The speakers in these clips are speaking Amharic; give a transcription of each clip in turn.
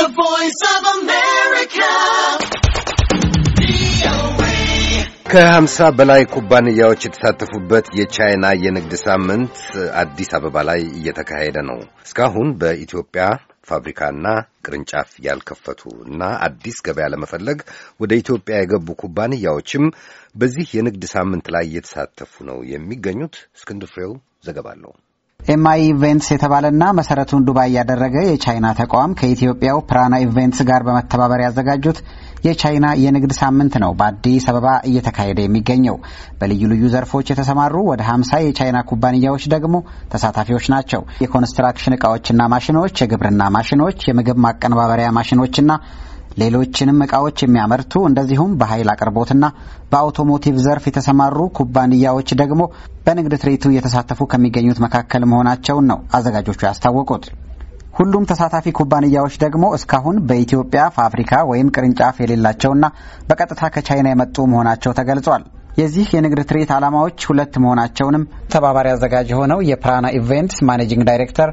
The Voice of America. ከሀምሳ በላይ ኩባንያዎች የተሳተፉበት የቻይና የንግድ ሳምንት አዲስ አበባ ላይ እየተካሄደ ነው። እስካሁን በኢትዮጵያ ፋብሪካና ቅርንጫፍ ያልከፈቱ እና አዲስ ገበያ ለመፈለግ ወደ ኢትዮጵያ የገቡ ኩባንያዎችም በዚህ የንግድ ሳምንት ላይ እየተሳተፉ ነው የሚገኙት። እስክንድር ፍሬው ዘገባ አለው። ኤምአይ ኢቨንትስ የተባለና መሰረቱን ዱባይ ያደረገ የቻይና ተቋም ከኢትዮጵያው ፕራና ኢቬንትስ ጋር በመተባበር ያዘጋጁት የቻይና የንግድ ሳምንት ነው በአዲስ አበባ እየተካሄደ የሚገኘው። በልዩ ልዩ ዘርፎች የተሰማሩ ወደ ሀምሳ የቻይና ኩባንያዎች ደግሞ ተሳታፊዎች ናቸው። የኮንስትራክሽን እቃዎችና ማሽኖች፣ የግብርና ማሽኖች፣ የምግብ ማቀነባበሪያ ማሽኖችና ሌሎችንም እቃዎች የሚያመርቱ እንደዚሁም በኃይል አቅርቦትና በአውቶሞቲቭ ዘርፍ የተሰማሩ ኩባንያዎች ደግሞ በንግድ ትርኢቱ እየተሳተፉ ከሚገኙት መካከል መሆናቸውን ነው አዘጋጆቹ ያስታወቁት። ሁሉም ተሳታፊ ኩባንያዎች ደግሞ እስካሁን በኢትዮጵያ ፋብሪካ ወይም ቅርንጫፍ የሌላቸውና በቀጥታ ከቻይና የመጡ መሆናቸው ተገልጿል። የዚህ የንግድ ትርኢት ዓላማዎች ሁለት መሆናቸውንም ተባባሪ አዘጋጅ የሆነው የፕራና ኢቨንትስ ማኔጂንግ ዳይሬክተር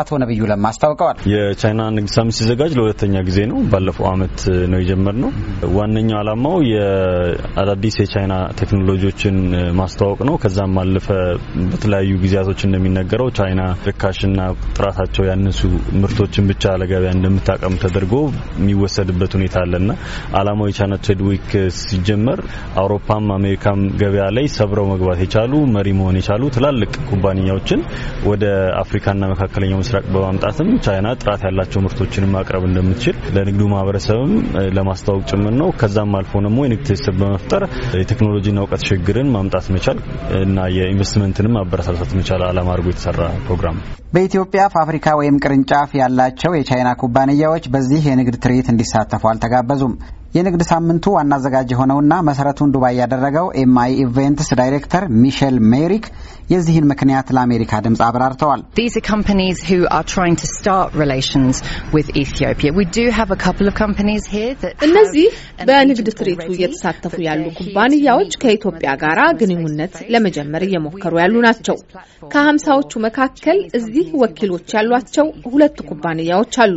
አቶ ነብዩ ለማ አስታውቀዋል። የቻይና ንግድ ሳሚት ሲዘጋጅ ለሁለተኛ ጊዜ ነው። ባለፈው አመት ነው የጀመርነው። ዋነኛው አላማው የአዳዲስ የቻይና ቴክኖሎጂዎችን ማስተዋወቅ ነው። ከዛም አለፈ በተለያዩ ጊዜያቶች እንደሚነገረው ቻይና ርካሽና ጥራታቸው ያነሱ ምርቶችን ብቻ ለገበያ እንደምታቀም ተደርጎ የሚወሰድበት ሁኔታ አለና አላማው የቻይና ትሬድ ዊክ ሲጀመር አውሮፓም አሜሪካም ገበያ ላይ ሰብረው መግባት የቻሉ መሪ መሆን የቻሉ ትላልቅ ኩባንያዎችን ወደ አፍሪካና መካከለኛው ምስራቅ በማምጣትም ቻይና ጥራት ያላቸው ምርቶችን ማቅረብ እንደምትችል ለንግዱ ማህበረሰብም ለማስተዋወቅ ጭምር ነው። ከዛም አልፎ ደግሞ የንግድ ትስስር በመፍጠር የቴክኖሎጂና እውቀት ሽግግርን ማምጣት መቻል እና የኢንቨስትመንትንም አበረታታት መቻል አላማ አድርጎ የተሰራ ፕሮግራም በኢትዮጵያ ፋብሪካ ወይም ቅርንጫፍ ያላቸው የቻይና ኩባንያዎች በዚህ የንግድ ትርኢት እንዲሳተፉ አልተጋበዙም። የንግድ ሳምንቱ ዋና አዘጋጅ የሆነውና መሰረቱን ዱባይ ያደረገው ኤምአይ ኢቬንትስ ዳይሬክተር ሚሼል ሜሪክ የዚህን ምክንያት ለአሜሪካ ድምፅ አብራርተዋል። እነዚህ በንግድ ትርኢቱ እየተሳተፉ ያሉ ኩባንያዎች ከኢትዮጵያ ጋር ግንኙነት ለመጀመር እየሞከሩ ያሉ ናቸው። ከሀምሳዎቹ መካከል እዚህ ወኪሎች ያሏቸው ሁለት ኩባንያዎች አሉ።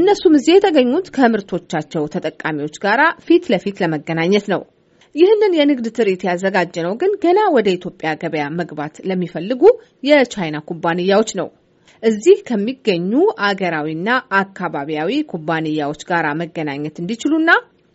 እነሱም እዚህ የተገኙት ከምርቶቻቸው ተጠቃሚዎች ሸማቾች ጋራ ፊት ለፊት ለመገናኘት ነው። ይህንን የንግድ ትርኢት ያዘጋጀ ነው ግን ገና ወደ ኢትዮጵያ ገበያ መግባት ለሚፈልጉ የቻይና ኩባንያዎች ነው። እዚህ ከሚገኙ አገራዊና አካባቢያዊ ኩባንያዎች ጋር መገናኘት እንዲችሉና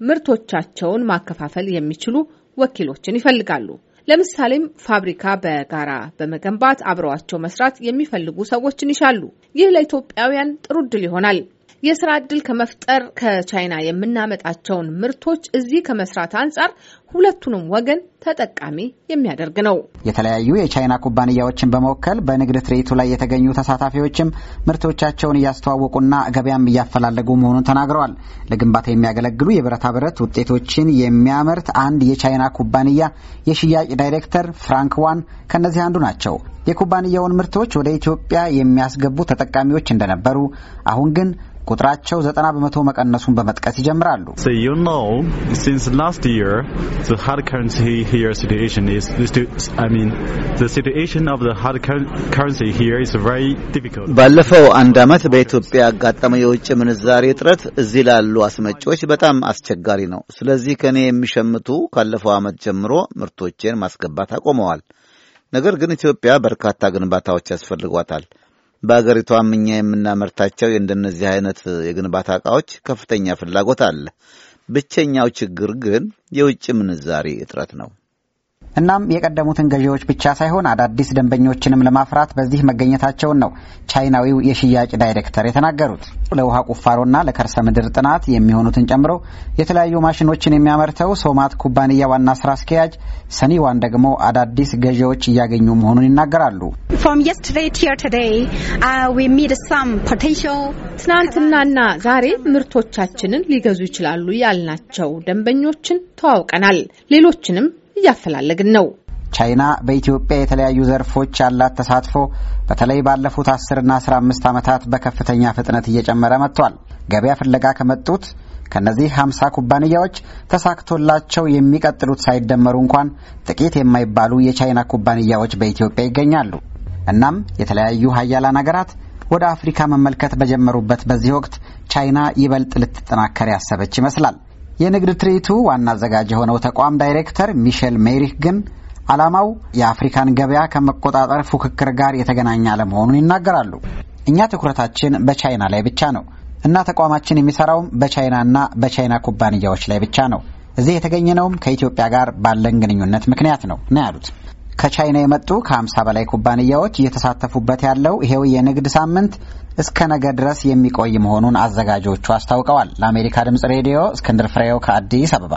ምርቶቻቸውን ማከፋፈል የሚችሉ ወኪሎችን ይፈልጋሉ። ለምሳሌም ፋብሪካ በጋራ በመገንባት አብረዋቸው መስራት የሚፈልጉ ሰዎችን ይሻሉ። ይህ ለኢትዮጵያውያን ጥሩ እድል ይሆናል። የስራ እድል ከመፍጠር ከቻይና የምናመጣቸውን ምርቶች እዚህ ከመስራት አንጻር ሁለቱንም ወገን ተጠቃሚ የሚያደርግ ነው። የተለያዩ የቻይና ኩባንያዎችን በመወከል በንግድ ትርኢቱ ላይ የተገኙ ተሳታፊዎችም ምርቶቻቸውን እያስተዋወቁና ገበያም እያፈላለጉ መሆኑን ተናግረዋል። ለግንባታ የሚያገለግሉ የብረታ ብረት ውጤቶችን የሚያመርት አንድ የቻይና ኩባንያ የሽያጭ ዳይሬክተር ፍራንክ ዋን ከእነዚህ አንዱ ናቸው። የኩባንያውን ምርቶች ወደ ኢትዮጵያ የሚያስገቡ ተጠቃሚዎች እንደነበሩ አሁን ግን ቁጥራቸው ዘጠና በመቶ መቀነሱን በመጥቀስ ይጀምራሉ። ባለፈው አንድ ዓመት በኢትዮጵያ ያጋጠመው የውጭ ምንዛሬ እጥረት እዚህ ላሉ አስመጪዎች በጣም አስቸጋሪ ነው። ስለዚህ ከእኔ የሚሸምቱ ካለፈው ዓመት ጀምሮ ምርቶቼን ማስገባት አቆመዋል። ነገር ግን ኢትዮጵያ በርካታ ግንባታዎች ያስፈልጓታል። በአገሪቱ እኛ የምናመርታቸው የእንደነዚህ አይነት የግንባታ ዕቃዎች ከፍተኛ ፍላጎት አለ። ብቸኛው ችግር ግን የውጭ ምንዛሪ እጥረት ነው። እናም የቀደሙትን ገዢዎች ብቻ ሳይሆን አዳዲስ ደንበኞችንም ለማፍራት በዚህ መገኘታቸውን ነው ቻይናዊው የሽያጭ ዳይሬክተር የተናገሩት። ለውሃ ቁፋሮና ለከርሰ ምድር ጥናት የሚሆኑትን ጨምሮ የተለያዩ ማሽኖችን የሚያመርተው ሶማት ኩባንያ ዋና ስራ አስኪያጅ ሰኒዋን ደግሞ አዳዲስ ገዢዎች እያገኙ መሆኑን ይናገራሉ። uh, ትናንትናና ዛሬ ምርቶቻችንን ሊገዙ ይችላሉ ያልናቸው ደንበኞችን ተዋውቀናል። ሌሎችንም እያፈላለግን ነው። ቻይና በኢትዮጵያ የተለያዩ ዘርፎች ያላት ተሳትፎ በተለይ ባለፉት አስርና አስራ አምስት ዓመታት በከፍተኛ ፍጥነት እየጨመረ መጥቷል። ገበያ ፍለጋ ከመጡት ከእነዚህ ሀምሳ ኩባንያዎች ተሳክቶላቸው የሚቀጥሉት ሳይደመሩ እንኳን ጥቂት የማይባሉ የቻይና ኩባንያዎች በኢትዮጵያ ይገኛሉ። እናም የተለያዩ ሀያላን ሀገራት ወደ አፍሪካ መመልከት በጀመሩበት በዚህ ወቅት ቻይና ይበልጥ ልትጠናከር ያሰበች ይመስላል። የንግድ ትርኢቱ ዋና አዘጋጅ የሆነው ተቋም ዳይሬክተር ሚሼል ሜሪክ ግን ዓላማው የአፍሪካን ገበያ ከመቆጣጠር ፉክክር ጋር የተገናኘ አለመሆኑን ይናገራሉ። እኛ ትኩረታችን በቻይና ላይ ብቻ ነው እና ተቋማችን የሚሰራውም በቻይናና በቻይና ኩባንያዎች ላይ ብቻ ነው። እዚህ የተገኘነውም ከኢትዮጵያ ጋር ባለን ግንኙነት ምክንያት ነው ነው ያሉት። ከቻይና የመጡ ከ50 በላይ ኩባንያዎች እየተሳተፉበት ያለው ይሄው የንግድ ሳምንት እስከ ነገ ድረስ የሚቆይ መሆኑን አዘጋጆቹ አስታውቀዋል። ለአሜሪካ ድምጽ ሬዲዮ እስክንድር ፍሬው ከአዲስ አበባ